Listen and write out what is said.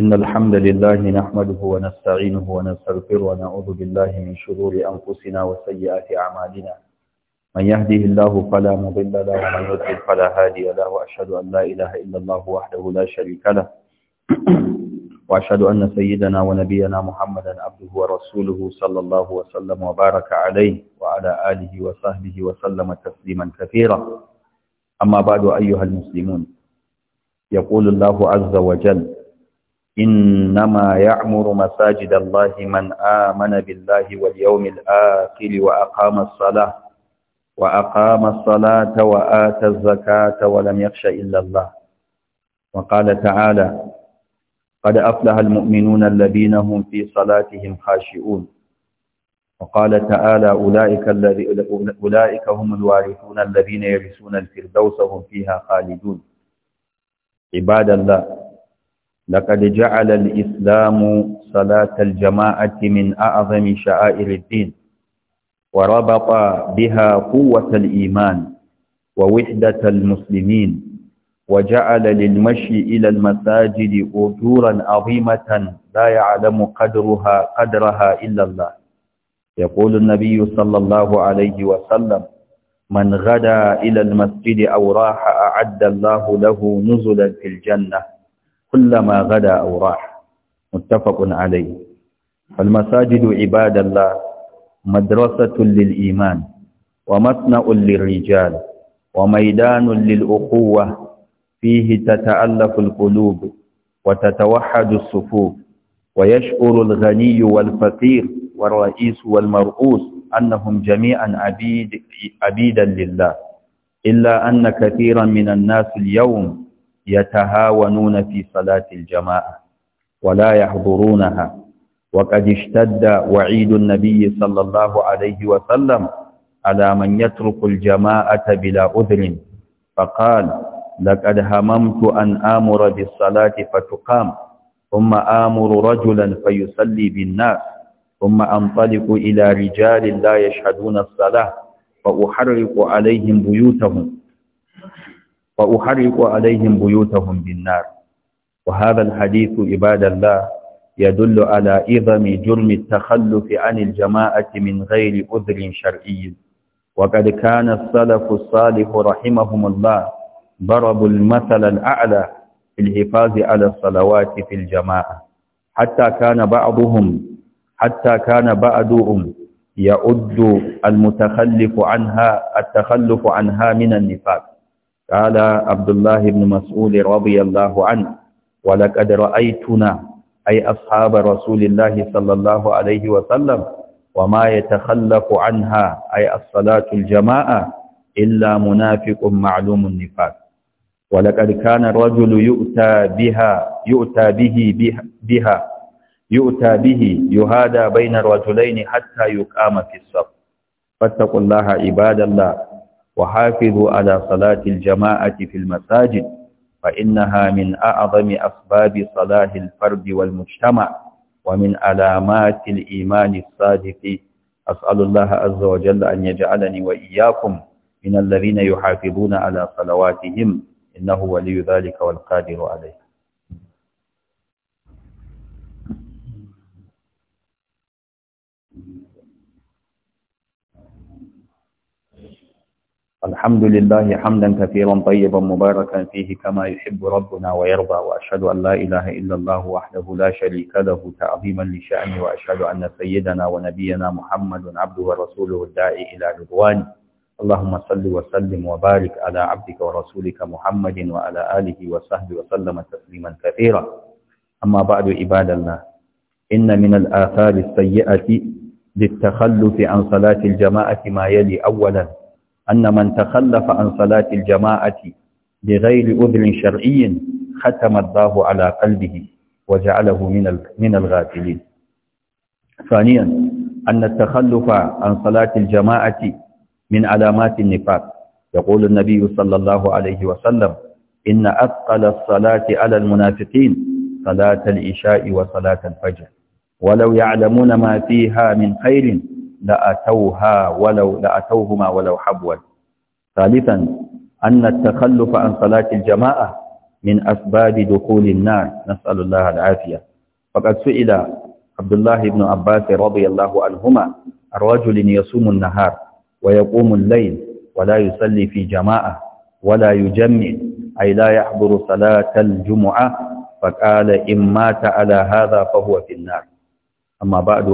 إن الحمد لله نحمده ونستعينه ونستغفره ونعوذ بالله من شرور أنفسنا وسيئات أعمالنا من يهده الله فلا مضل له ومن يضلل فلا هادي له وأشهد أن لا إله إلا الله وحده لا شريك له وأشهد أن سيدنا ونبينا محمدا عبده ورسوله صلى الله وسلم وبارك عليه وعلى آله وصحبه وسلم تسليما كثيرا أما بعد أيها المسلمون يقول الله عز وجل إنما يعمر مساجد الله من آمن بالله واليوم الآخر وأقام الصلاة وأقام الصلاة وآتى الزكاة ولم يخش إلا الله وقال تعالى قد أفلح المؤمنون الذين هم في صلاتهم خاشئون وقال تعالى أولئك, الذي أولئك هم الوارثون الذين يرثون الفردوس هم فيها خالدون عباد الله لقد جعل الإسلام صلاة الجماعة من أعظم شعائر الدين وربط بها قوة الإيمان ووحدة المسلمين وجعل للمشي إلى المساجد أجورا عظيمة لا يعلم قدرها قدرها إلا الله يقول النبي صلى الله عليه وسلم من غدا إلى المسجد أو راح أعد الله له نزلا في الجنة كلما غدا أو راح متفق عليه فالمساجد عباد الله مدرسة للإيمان ومثنى للرجال وميدان للأخوة فيه تتألف القلوب وتتوحد الصفوف ويشعر الغني والفقير والرئيس والمرؤوس أنهم جميعا عبيد عبيدا لله إلا أن كثيرا من الناس اليوم يتهاونون في صلاة الجماعة ولا يحضرونها وقد اشتد وعيد النبي صلى الله عليه وسلم على من يترك الجماعة بلا أذر فقال لقد هممت أن آمر بالصلاة فتقام ثم آمر رجلا فيصلي بالناس ثم أنطلق إلى رجال لا يشهدون الصلاة فأحرق عليهم بيوتهم وأحرق عليهم بيوتهم بالنار وهذا الحديث عباد الله يدل على إظم جرم التخلف عن الجماعة من غير أذر شرعي وقد كان السلف الصالح رحمهم الله ضربوا المثل الأعلى في الحفاظ على الصلوات في الجماعة حتى كان بعضهم حتى كان بعضهم يؤد المتخلف عنها التخلف عنها من النفاق قال عبد الله بن مسعود رضي الله عنه ولقد رأيتنا أي أصحاب رسول الله صلى الله عليه وسلم وما يتخلف عنها أي الصلاة الجماعة إلا منافق معلوم النفاق ولقد كان الرجل يؤتى بها يؤتى به بها, بها يؤتى به يهادى بين الرجلين حتى يقام في الصف فاتقوا الله عباد الله وحافظوا على صلاة الجماعة في المساجد فإنها من أعظم أسباب صلاح الفرد والمجتمع ومن علامات الإيمان الصادق أسأل الله عز وجل أن يجعلني وإياكم من الذين يحافظون على صلواتهم إنه ولي ذلك والقادر عليه الحمد لله حمدا كثيرا طيبا مباركا فيه كما يحب ربنا ويرضى وأشهد أن لا إله إلا الله وحده لا شريك له تعظيما لشأنه وأشهد أن سيدنا ونبينا محمد عبده ورسوله الداعي إلى رضوانه اللهم صل وسلم وبارك على عبدك ورسولك محمد وعلى آله وصحبه وسلم تسليما كثيرا أما بعد عباد الله إن من الآثار السيئة للتخلف عن صلاة الجماعة ما يلي أولا أن من تخلف عن صلاة الجماعة بغير أذن شرعي ختم الله على قلبه وجعله من من الغافلين ثانيا أن التخلف عن صلاة الجماعة من علامات النفاق يقول النبي صلى الله عليه وسلم إن أثقل الصلاة على المنافقين صلاة العشاء وصلاة الفجر ولو يعلمون ما فيها من خير لأتوها ولو لأتوهما ولو حبوا ثالثا أن التخلف عن صلاة الجماعة من أسباب دخول النار نسأل الله العافية فقد سئل عبد الله بن عباس رضي الله عنهما الرجل يصوم النهار ويقوم الليل ولا يصلي في جماعة ولا يجمع أي لا يحضر صلاة الجمعة فقال إن مات على هذا فهو في النار أما بعد